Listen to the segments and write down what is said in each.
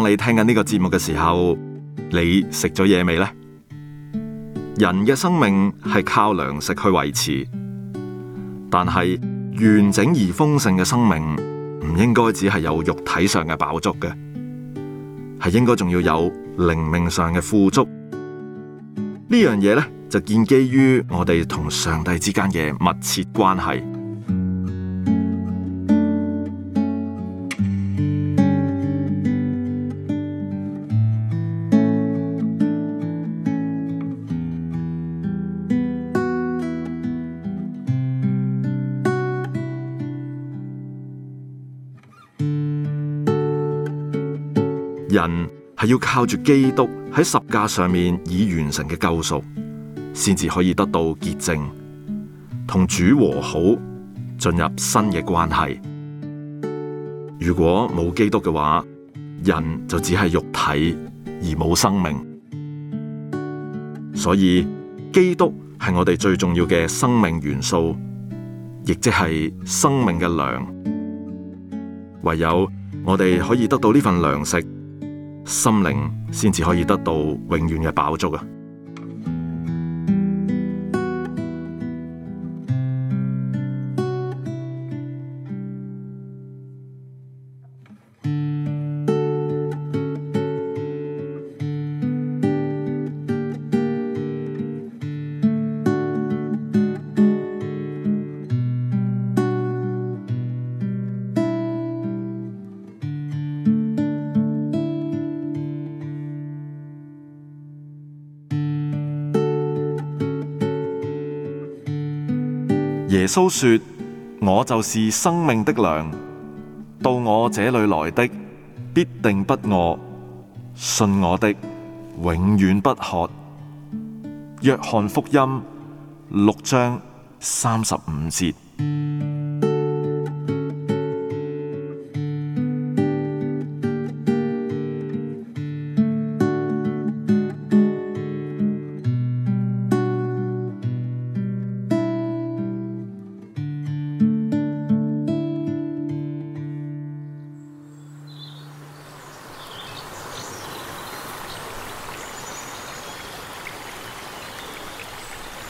當你聽緊呢個節目嘅時候，你食咗嘢未呢？人嘅生命係靠糧食去維持，但係完整而豐盛嘅生命唔應該只係有肉體上嘅飽足嘅，係應該仲要有靈命上嘅富足。呢樣嘢咧就建基於我哋同上帝之間嘅密切關係。人係要靠住基督喺十架上面已完成嘅救贖，先至可以得到潔淨，同主和好，進入新嘅關係。如果冇基督嘅話，人就只係肉體而冇生命。所以基督係我哋最重要嘅生命元素，亦即係生命嘅糧。唯有我哋可以得到呢份糧食。心靈先至可以得到永遠嘅飽足啊！耶穌說：我就是生命的糧，到我這裏來的必定不餓，信我的，永遠不渴。約翰福音六章三十五節。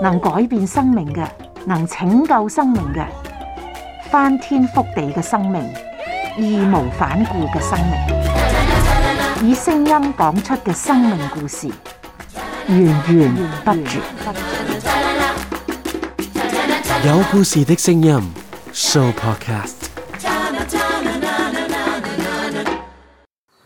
能改變生命嘅，能拯救生命嘅，翻天覆地嘅生命，義無反顧嘅生命，以聲音講出嘅生命故事，源源不絕。有故事的聲音 Show Podcast。